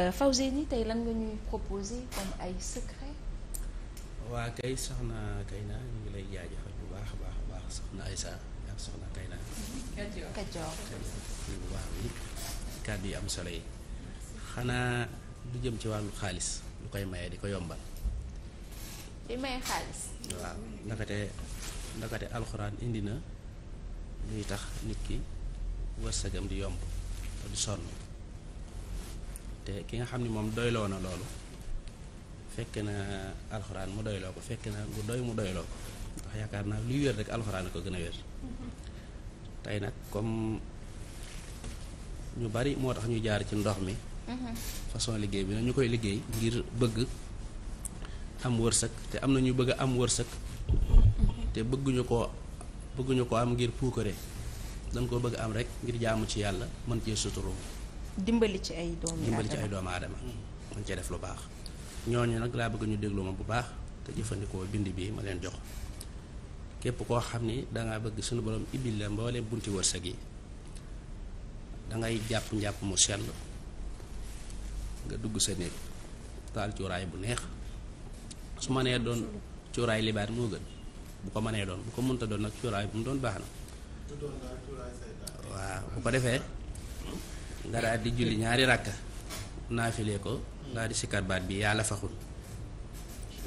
Euh, Fawzeyni tey lan nga ñuy proposer comme ay secret. waa kay soxna Kayna ñu ngi lay jaajëfal bu baax a baax a baax soxna Aïssa ak soxna Kayna. Kajoor Kajoor bu baax bi kàddu yi am solo yi. xanaa du jëm ci wàllu xaalis lu koy maye di ko yombal. di maye xaalis. waaw ndakate ndakate alxuraan indi na luy tax nit ki wërsëgam di yomb te du sonn. ki nga xam ne moom doyloo na loolu fekk na alxuraan mu doyloo ko fekk na bu doy mu doyloo ko ndax yaakaar naa luy wér rek alxuraan a ko gën a wér tey nag comme ñu bari moo tax ñu jaar ci ndox mi façon liggéey bi na ñu koy liggéey ngir bëgg am wërsëg te am na ñu bëgg am wërsëg te bëgguñu ko bëgguñu ko am ngir puukare dañ koo bëgg am rek ngir jaamu ci yàlla mën cee suturu dimbali ci ay doomu aadama dimbali ci ay doomu aadama. mën def lu baax ñooñu nag laa bëgg ñu déglu ma bu baax te jëfandikoo bind bi ma leen jox képp koo xam ni dangaa bëgg suñu borom ibil mboolee mbooleem bunti wërsëg yi dangay jàpp njàpp mu sell nga dugg sa néeg taal cuuraay bu neex su ma nee doon cuuraay libaat moo gën bu ko mënee doon bu ko mënta doon nag cuuraay bu mu doon baax na waaw bu ko defee nga daal di julli ñaari ràkka naafile ko daal di sikkar baat bi yàlla faxul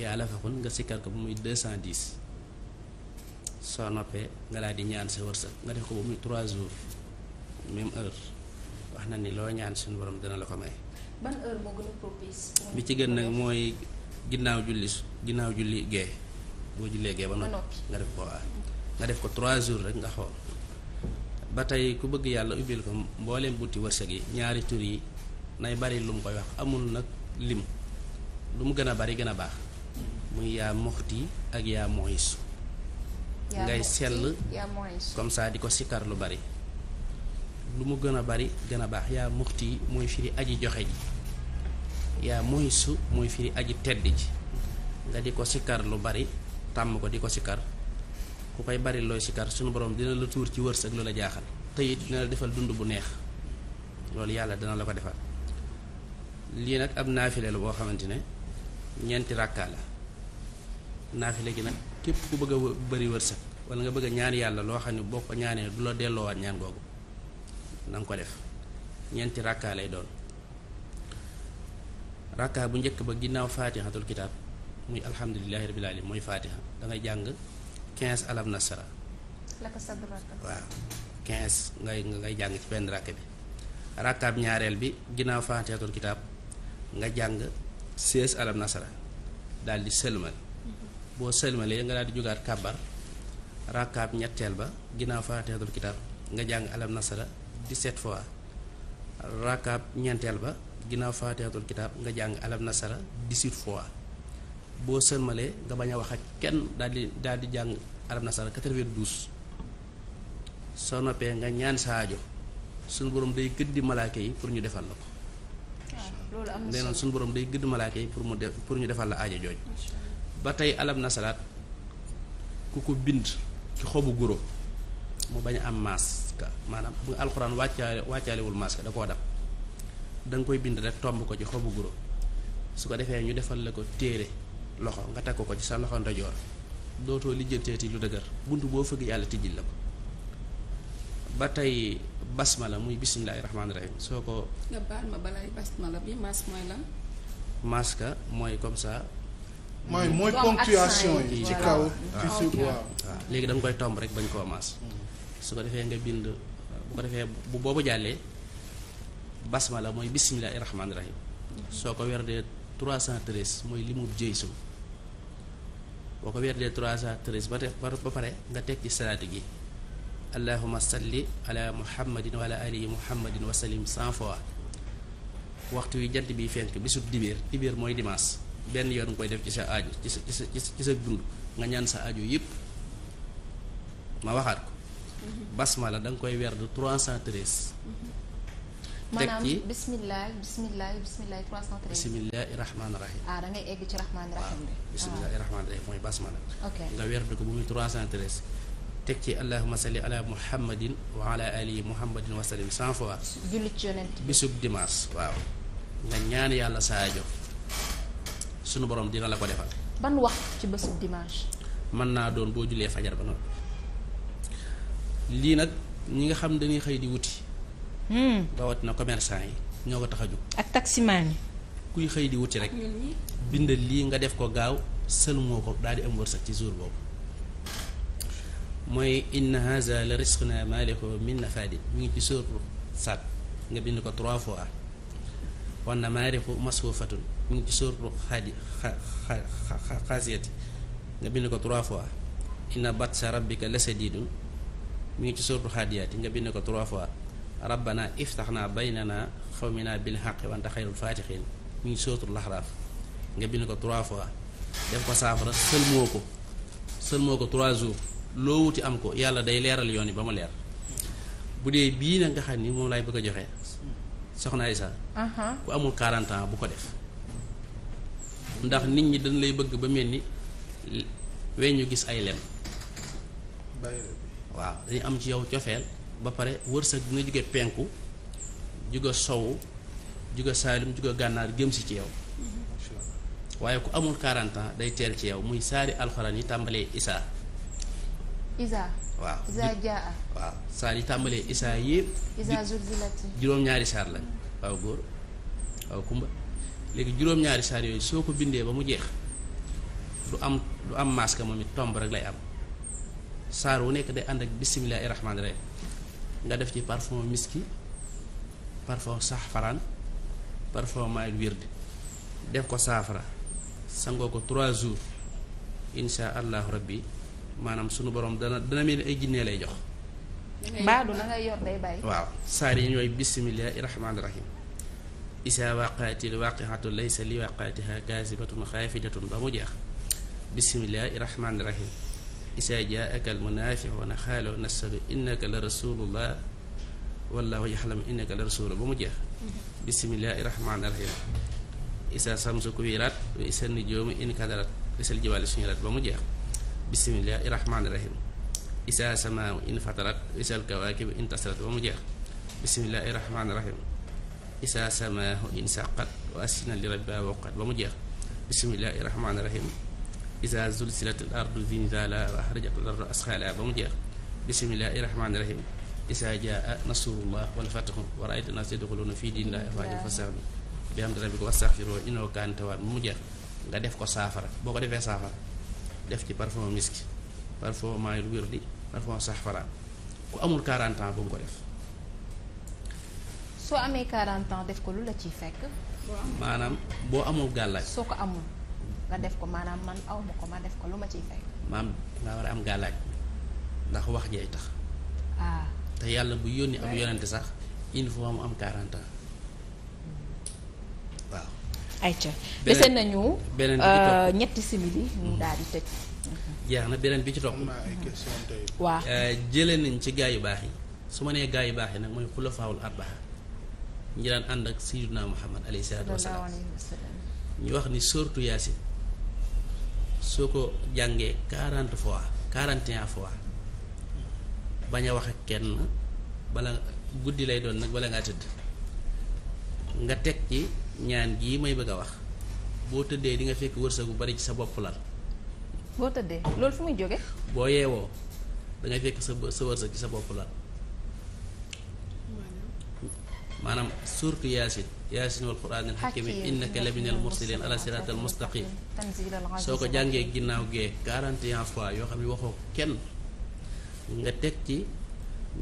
yàlla faxul nga sikkar ko ba muy cent dix soo noppee nga daal di ñaan sa wërsëg nga def ko ba muy trois jours même heure wax na ni loo ñaan suñu borom dana la ko may. bi ci gën nag mooy ginnaaw julli ginnaaw julli gee boo jullee gee ba noppi nga def ko waaw nga def ko trois jours rek nga xool. ba tey ku bëgg yàlla ubbil ko mbooleem butti wërsëg yi ñaari turi yi nay bari lu mu koy wax amul nag lim lu mu gën a bari gën a baax muy yaa moxti ak yaa moxis ngay sell comme ça di ko sikkar lu bari lu mu gën a bari gën a baax yaa muxti mooy firi aji joxe ji yaa moysu mooy firi aji tedd ji nga di ko sikkar lu bari tàmm ko di ko sikkar ku koy bari looy sikar suñu boroom dina la tuur ci wërsëg lu la jaaxal te it dina la defal dund bu neex loolu yàlla dina la ko defal lii nag ab naafile la boo xamante ne ñeenti ràkkaa la naafile gi nag képp ku bëgg a bëri wërsëg wala nga bëgg a ñaan yàlla loo xam ne boo ko ñaanee du la delloowaat ñaan googu na ko def ñeenti ràkkaa lay doon ràkkaa bu njëkk ba ginnaaw faatixatul kitaab muy alhamdulilahi rabbil alamin mooy faatixa dangay jàng quinze alam nasara waaw quinze ngay ngay jàng ci benn rakk bi rakkaab ñaareel bi ginnaaw faatihatul kitaab nga jàng seize alam nasara daal di sëlmal mhm. boo sëlmalee nga daal di jugaat kàbbar rakkaab ñetteel ba ginnaaw faatihatul kitaab nga jàng alam nasara dix-sept fois rakkaab ñeenteel ba ginnaaw faatihatul kitaab nga jàng alam nasara dix-huit fois boo sërmalee nga bañ a wax ak kenn daal di daal di jàng arab nasara 92 soo noppee nga ñaan sa aajo suñu borom day gëddi malaaka yi pour ñu defal la ko. Ah, loolu am na suñu borom day gëdd malaaka yi pour mu def pour ñu defal la aajo jooj ba tey alam nasaraat ku ko bind ci xobu guro mu bañ a am maska maanaam bu alxuraan wàccaale wàccaalewul maska da koo dab da nga koy bind rek tomb ko ci xobu guro su ko defee ñu defal la ko téere loxo nga takk ko ci sa loxo ndajoor dootoo lijjanteeti lu dëgër bunt boo fëgg yàlla tijjil la ko ba tey basmala muy bismillaahi rahmaani rahim soo ko. nga baal ma balaay basmala mooy lan. maska mooy comme ça. mooy mooy ci kaw. Ah, ci suuf ah, koy tomb rek bañ koo su ko defee nga bind bu ko defee bu boobu jàllee mooy bismillaahi rahmaani rahim. Mhm. soo ko werdee 313 mooy limu jëy suuf. boo ko weerlee trois cent treize ba ba pare nga teg ci salaatu gi allahuma salli ala muhammadin wa ala alihi muhammadin wa sallim cent fois waxtu wi jant bi fenk bisub dibéer dibéer mooy dimanche benn yoon nga koy def ci sa aaju ci sa ci sa ci sa dund nga ñaan sa aaju yëpp ma waxaat ko mhm. basmala da nga koy weer du trois cent treize mhm. maanaam bisimilah bisimilah bisimilah 313. bisimilah rahmaani rahiim. ah da ngay ah. teg ci allahumma salli ala muhammadin wa ala ali muhammadin wa sallim cent fois. waaw nga ñaan yàlla saajo sunu borom dina la ko defal. ban waxtu ci bésub dimanche. mën naa doon boo jullee fajar ba noonu. lii nag ñi nga xam dañuy xëy di wuti. Hmm. na commerçant yi ñoo ko tax a jóg. ak taximaan yi. kuy xëy di wuti rek. bindal lii nga def ko gaaw sëlmoo ko daal di am wërsëg ci jour boobu. mooy inna haza la risquna ma lahu min mu ngi ci sóoru saat nga bind ko trois fois wan na maarifu masfufatun mu ngi ci sóoru xaadi bind ko trois fois inna batsa rabbika la sadidun mu ngi ci sóoru xaadiyaati nga bind ko trois fois rabbana tax naa baynana xawmina bil xaqi wa anta xayrul faatixin mu ngi sootul laxraaf nga bind ko trois fois def ko saafara sëlmoo ko sëlmoo ko trois jours loo wuti am ko yàlla day leeral yoon yi ba mu leer bu dee bii nag nga xam ni moom laay bëgg a joxe soxna Aïssa ku amul 40 ans bu ko def ndax nit ñi dañ lay bëgg ba mel ni weñ ñu gis ay lem waaw dañu am ci yow cofeel ba pare wërsëg dina jóge penku jóge sowu jóge saalim jóge gànnaar jëm si ci yow waaye ku amul 40 day teel ci yow muy saari alxuraan yi tàmbalee isaa isaa waaw isaa yi tàmbalee isaa yëpp isaa zulzilati juróom-ñaari saar lañ waaw góor waaw kumba léegi juróom-ñaari saar yooyu soo ko bindee ba mu jeex lu am lu am masque moom it tomb rek lay am saar wu nekk day ànd ak bismillaahi rahmaani rahim nga def ci parfum miski parfum saxfaraan parfum maayil wird def ko saafara sangoo ko trois jours insha allahu rabbi maanaam sunu borom dana dana mel ay jinnee lay jox mbaadu la ngay yor day bàyyi waaw saar yi ñooy bismillahi rahmaani rahim isaa waqaatil waaqihatu laysa li waqaatiha kaasibatun xaafidatun ba mu jeex bismillahi rahmaani rahim isaa jaaka almunaafiquuna xaaloo nashadu innaka la rasulullah wallahu yaxlamu innaka la rasulu ba mu jeex bismillahi rahmaani rahim isaa samsu kuwiraat wa isa nujoomu inkadarat isal jibaali suñuraat ba mu jeex bismillahi rahmaani rahim isaa samaamu in fatarat wa isal kawaakibu intasarat ba mu jeex bismillahi rahmaani rahim isaa samaahu in saqat wa asina li rabbiha waqat ba mu jeex bismillahi rahmaani rahim isa zulzilat al ardu zilzalaha wa axrajat al ardu asqalaha ba mu jeex bismillahi rahmaani rahim isa jaa nasrullah wal fathu wa raayta nas yadxuluna fi dinillahi afwajan fastaxfiru bi hamdi rabbika wastaxfiruhu innahu kaana tawwaaba ba mu jeex nga def ko saafara boo ko defee saafara def ci parfum miski parfum maayul wirdi parfum saafara ku amul 40 ans bu mu ko def. soo amee 40 ans def ko lu la ciy fekk. maanaam boo amul gàllaaj soo ko amul. nga def ko maanaam man aw ma ko def ko lu ma ciy maam nga war am gàllaaj ndax wax jay tax. ah te yàlla bu yónni am yonente sax il mu am 40 ans hmm. waaw. ayca dese nañu. beneen euh, ñetti simili ñu hmm. daal na beneen bi ci topp. waaw euh, jële nañ ci gaa yu baax yi su ma nee gaa yu baax yi nag mooy xulafaawul arbaa ñi daan ànd ak sayyiduna Muhammad alayhi salaatu wa salaam ñu wax ni surtout Yaasin soo ko jàngee quarante fois quarante et fois bañ a wax ak kenn bala guddi lay doon nag bala ngaa tëdd nga teg ci ñaan gii may bëgg a wax boo tëddee di nga fekk wërsëg bu bari ci sa bopp lal boo tëddee loolu fu muy jóge boo yeewoo da ngay fekk sa sa wërsëg ci sa bopp lal maanaam surtout yaasin wal quraanil hakiim innaka laminal mursaliin ala siraatal mustaqiim soo ko jàngee ginnaaw gee 41 fois yoo xam ni waxoo kenn nga teg ci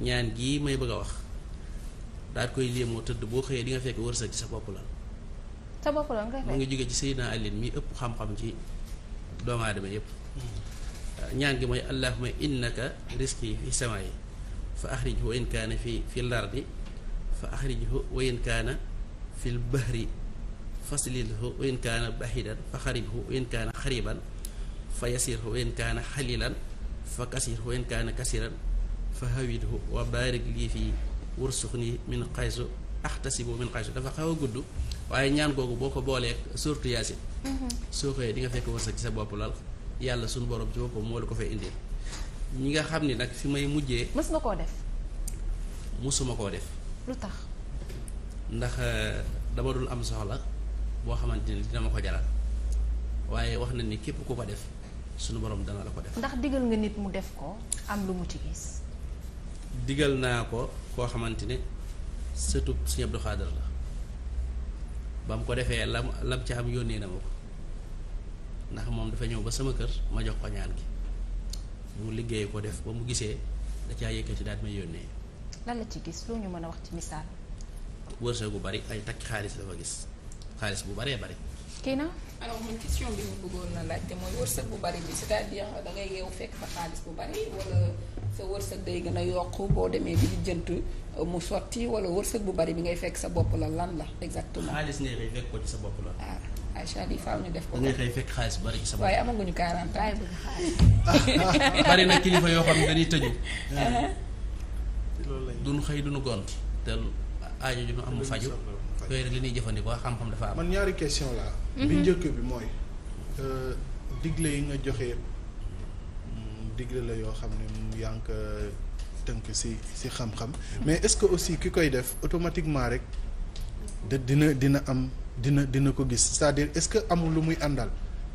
ñaan gii may bëgg a wax daal koy léemoo tëdd boo xëyee di nga fekk wërsëg ci sa bopp la sa mu ngi jóge ci Seydina Alioune mi ëpp xam-xam ci doomu aadama yépp ñaan gi mooy allahumma innaka yi fi samaa'i fa axrijhu wa in kaana fi fi lardi fa axrijhu wa fil bahri faslilhu wa in kaana bahidan fa xaribhu wa in kaana xariban fa yasirhu wa in kaana xalilan fa kasirhu wa in kaana kasiran fa hawidhu wa barik lii fii warsuxni min xaysu axtasibu min xaysu dafa xaw a gudd waaye ñaan googu boo ko boolee surtout yaasin mm-hmm. soo xëyee di nga fekk wërsëg ci sa bopp lal yàlla suñu borom ci boppam moo la ko fa indi ñi nga xam ni nag fi may mujjee mës koo def mësuma koo def ndax euh, dama dul am soxla boo xamante ni dina ma ko jaral waaye wax na ni képp ku ko def sunu borom dana la ko def. ndax digal nga nit mu def ko am lu mu ci gis. digal naa ko koo xamante ne sëtub Sëñ Abdou Khader la ba mu ko defee lam lam ca am yónnee na ma ko ndax moom dafa ñëw ba sama kër ma jox ko ñaan gi mu liggéey ko def ba mu gisee da caa yëkkati daal di may yónnee. lan la ci gis loo ñu mën a wax ci misaal. wërsëg bu bari ay takk xaalis dafa gis xaalis bu baree bari. kii na. alors man question bi ma bëggoon na laajte mooy wërsëg bu bari bi da ngay yeewu fekk fa bu bari wala sa wërsëg day gën a yokk boo demee di jënt euh, mu sotti wala wërsëg bu bari bi ngay fekk sa bopp la lan la exactement. xaalis ngay xëy fekk ko ci sa bopp la. ah Aïcha di faaw ñu def ko. da ngay xëy bu bari ci sa bopp. waaye amaguñu 40 ans bëgg xaalis. bari na kilifa yoo xam ne dañuy tëju. loolu lañ uh-huh. duñu xëy duñu gont aajo ju nu am mu faju yooyu li ñuy jëfandikoo xam-xam dafa am. man ñaari question laa. Mhm. bi njëkk bi mooy euh, digle yi nga joxe mm, digle la yoo xam ne mu ngi tënk si si xam-xam. mais est-ce que aussi ki koy def automatiquement rek de dina dina am dina dina ko gis cest dire est-ce que amul lu muy àndal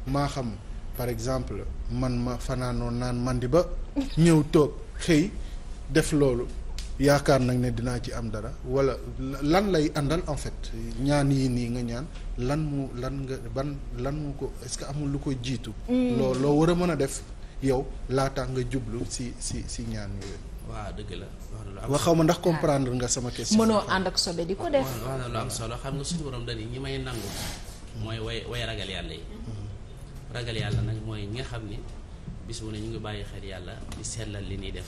maa xam par exemple man ma fanaanoo naan man di ba ñëw toog xëy def loolu. yaakaar nag ne dinaa ci am dara wala lan lay àndal en fait ñaan yi nii nga ñaan lan mu lan nga ban lan mu ko est-ce que amul lu ko jiitu. Hmm. loo loo war a mën a def yow laata nga jublu si si si ñaan yooyu. waa dëgg la wax xaw ma ndax comprendre nga sama question. mënoo ànd ak sobe di ko solo xam nga suñu borom dañuy ñi may nangu. mooy way way ragal yàlla yi. Hmm. ragal yàlla nag mooy ñi nga xam ne bis bu ne ñu ngi bàyyi xel yàlla di la li ñuy def.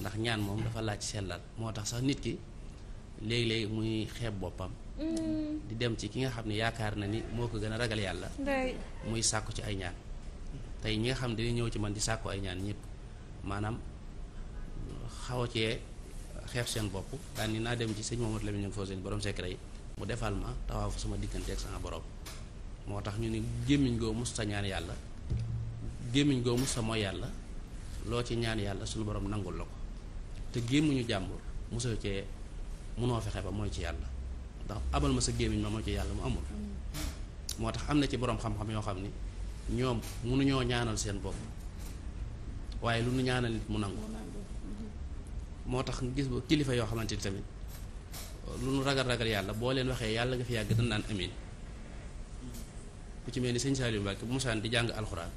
ndax ñaan moom dafa laaj sellal moo tax sax nit ki léegi-léegi muy xeeb boppam mm. di dem ci ki nga xam ne yaakaar na ni moo ko gën a ragal yàlla muy sàkku ci ay ñaan tey ñi nga xam ne dañuy ñëw ci man di sàkku ay ñaan ñëpp maanaam xaw a cee xeeb seen bopp daan ni naa dem ci sëñ Mamadou Lamine Niang seen borom secret yi mu defal ma tawaafu sama diggante ak sama borom moo tax ñu ni gémmiñ goo mus sa ñaan yàlla gémmiñ goomu mus sa mooy yàlla loo ci ñaan yàlla suñu borom nangul la ko te gémmiñu jàmbur mosoo cee munoo fexe ba mooy ci yàlla ndax abal ma sa gémmiñ ma mooy ci yàlla mu amul moo tax am na ci boroom xam-xam yoo xam ni ñoom munuñoo ñaanal seen bopp waaye lu nu ñaanal nit mu nangu moo tax gis ba kilifa yoo xamante ni tamit lu nu ragal ragal yàlla boo leen waxee yàlla nga fi yàgg dañ naan amiin ku ci mel ni sëñ Saliou Mbacke bu musaan di jàng alxuraan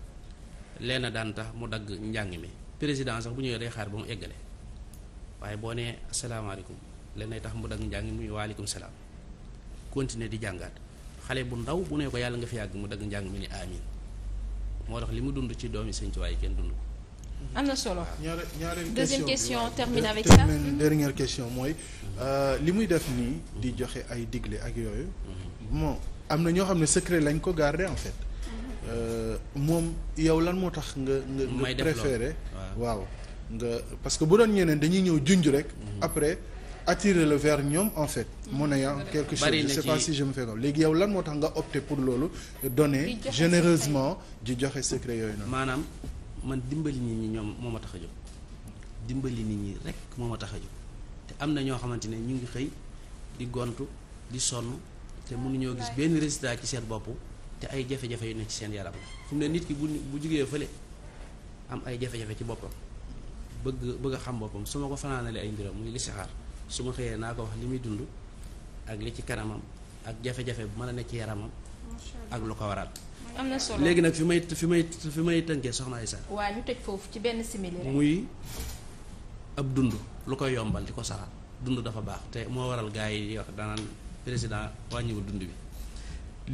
leen daan tax mu dagg njàng mi président sax bu ñëwee day xaar ba mu waaye boo nee asalaamaaleykum lenay tax mu dag njàng muy waaleykum salaam continuer di jàngaat xale bu ndaw bu ne ko yàlla nga fi àgg mu dagg njàng mi ni amiin moo tax li mu dund ci doomi sëñ Tuubaa yi kenn dund ko am na solo ah, deuxième question termine question mooy euh, li muy def nii di joxe ay digle ak yooyu bon am na ñoo xam ne secret lañ ko garder en fait euh, moom yow lan moo tax nga nga nga préféré waaw nga parce que bu doon ñeneen dañuy ñëw junj rek. Mhm. après attirer le ver ñoom en fait. Mhm. mu ne yaa quelque chose je sais yow lan moo tax nga opté pour loolu donner généreusement di joxe secret yooyu noonu. maanaam man dimbali nit ñi ñoom moo ma tax a jóg dimbali nit ñi rek moo ma tax a jóg te am na ñoo xamante ne ñu ngi xëy di gontu di sonn te mënuñoo gis benn résultat ci seen boppu te ay jafe-jafe yu ne ci seen yaram fu mu ne nit ki bu bu jugee fële am ay jafe-jafe ci boppam. bëgg bëgg a xam boppam su ma ko fanaanale ay mbiram muy listixaar su ma xëyee naa ko wax li muy dund ak li ci kanamam ak jafe-jafe bu mën a ne ci yaramam ak lu ko waral am na léegi nag fi may fi may fi may tënkee soxna Aïssa waa ñu tëj foofu ci benn simili rek muy ab dund lu koy yombal di ko saxal dund dafa baax te moo waral gars yi di wax danaan président wàññiwul dund bi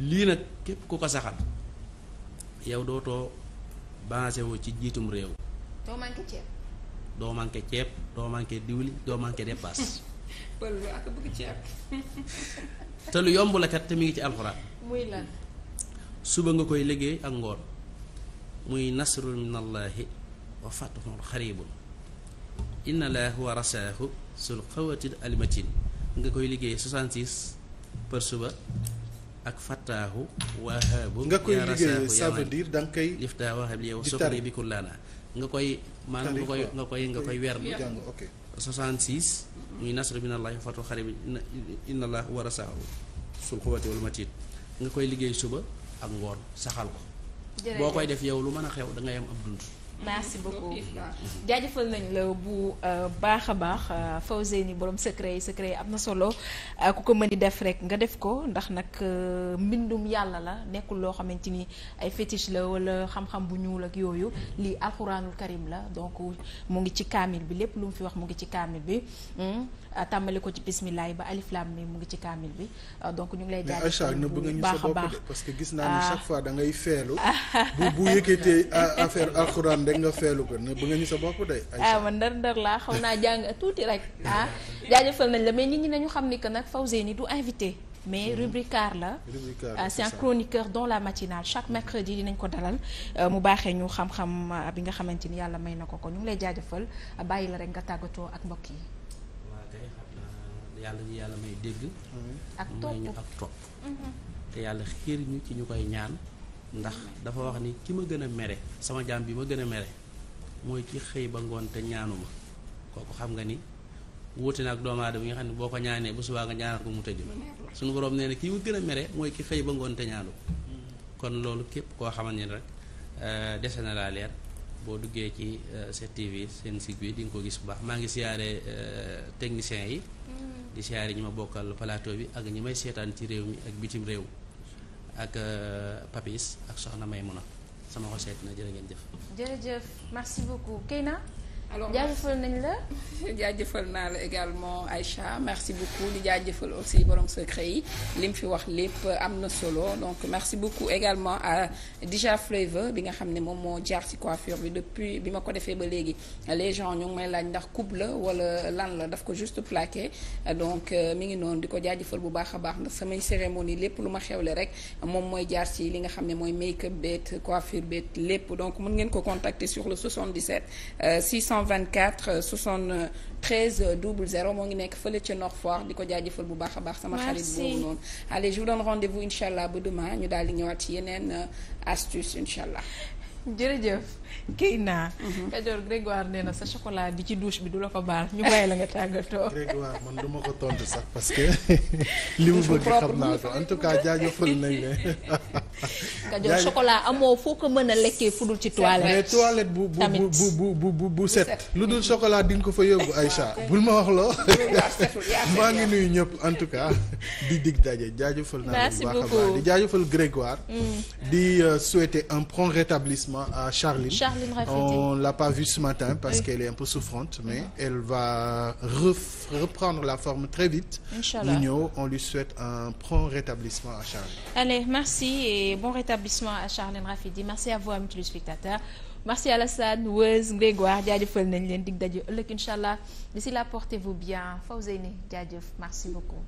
lii nag képp ku ko saxaat yow dootoo basé ci jiitum réew doo doo manqué ceeb doo manqué diwli doo manqué te lu yomb la te mi ngi ci alxuraan. suba nga koy liggéey ak ngoon muy nasrun minallahi wa fathun sul xawatil alimatin nga koy liggéey 66 par suba ak fattaahu wahaabu nga koy liggéey ça veut dire da nga koy liftaa wahab li yow soxri bi kullaana nga koy maanaam nga koy nga koy nga koy weer bi 66 muy nasru minallahi ina laa xarib inna allah warasahu sul quwati wal matit nga koy liggéey suba ak ngoon saxal ko boo koy def yow lu mën a xew da ngay am ab dund merci beaucoup jaajëfal nañ la bu euh, baax a baax euh, Fawzeyni borom secret yi secret yi am na solo euh, ku ko mën di def rek nga def ko ndax nag mbindum yàlla la nekkul loo xamante ni ay fétiche wala xam-xam bu ñuul ak yooyu lii alxuraanul karim la donc mu ngi ci kaamil bi lépp lu mu fi wax mu ngi ci kaamil bi hmm? ah, tàmbali ko ci bismillah ba alif lam mi mu ngi ci kaamil bi ah, donc ñu ngi lay jaajëfal bu baax a baax parce que gis naa ni ah. chaque fois da feelu bu bu yëkkatee affaire alxuraan dégg nga feelu ko ne bu nga ñu sa bopp de. ah man ndar ndar laa xaw naa jàng tuuti rek ah nañ la mais nit ñi nañu xam ni que nag ni du invité. mais mm-hmm. rubricard la ah, c'est un chroniqueur dans la matinale chaque mercredi dinañ ko dalal euh, mu baaxee ñu xam-xam ah, bi nga xamante ni yàlla may na ko ko ñu ngi lay jaajëfal ah, bàyyi la rek nga tàggatoo ak mbokk yi. waaw yàlla ñu yàlla may dégg. Mm-hmm. ak ak topp. Mm-hmm. te yàlla xiir ñu ci ñu koy ñaan. ndax dafa wax ni ki ma gën a mere sama jaam bi ma gën a mere mooy ki xëy ba ngoon te ñaanu ñaanuma kooku xam nga ni wuute na ak doomu aadama yi nga xam ne boo ko ñaanee bu subaa nga ñaanal ko mu suñu borom nee na ki ma gën a mere mooy ki xëy ba ngoon te ñaanu kon loolu képp koo xamante ne rek euh, dese na laa leer boo duggee ci 7TV euh, seen sig bi di nga ko gis bu baax maa ngi siyaare euh, techniciens yi mm. di siyaare ñu ma bokkal plateau bi ak ñi may seetaan ci réew mi ak bitim réew ak euh, Papis ak Soxna may Maymuna sama xol seet na jërë ngeen jëf. jërëjëf merci beaucoup na alors jaajëfal nañ la. jaajëfal naa la également Aïcha merci beaucoup di jaajëfal aussi borom secret yi li mu fi wax lépp am na solo donc merci beaucoup également à Dija Flavour bi nga xam ne moom moo jaar ci coiffure bi depuis bi ma ko defee ba léegi les gens ñu ngi may laaj ndax coupe la wala lan la daf ko juste plaqué donc euh, mu ngi noonu di ko jaajëfal bu baax a baax ndax samay cérémonie lépp lu ma xewle rek moom mooy jaar ci li nga xam ne mooy make-up beet lépp donc mën ngeen ko contacter sur le 77 600. Euh, 824 73 00 moo ngi nekk fële ca Nord Foire di ko jaajëfal bu baax a baax. sama xarit boobu noonu. allez je vous donne rendez-vous incha allah ba demain ñu daal di ñëwaat ci yeneen euh, astuce incha allah. jërëjëf kii naa. Mhm. Kajoor Grégoire nee na sa chocolat di ci douche bi du la ko baal ñu bàyyi la nga tàggatoo. Grégoire man du ma ko tontu sax parce que li mu bëgg xam naa ko en tout cas jaajëfal nañ ne. Kajoor chocolat amoo foo ko mën a lekkee fu dul ci toilette. lu dul chocolat di nga ko fa yóbbu Aïcha bul ma wax loo. maa ngi nuyu ñëpp en tout cas di dig daje jaajëfal naa. merci beaucoup di jaajëfal Grégoire. Mm. di euh, souhaiter un prompt rétablissement. déplacement à Charline. Charline Rafidi. On l'a pas vue ce matin parce oui. qu'elle est un peu souffrante, mais mhm. elle va reprendre la forme très vite. Inch'Allah. Nuno, on lui souhaite un prompt rétablissement à Charline. Allez, merci et bon rétablissement à Charline Rafidi. Merci à vous, amis téléspectateurs. Merci Alassane, Weuz, Grégoire, jaajëfal nañ leen dig daje ëllëg inch'Allah. D'ici là, portez-vous bien. Fawzeyni, jaajëf. Merci beaucoup.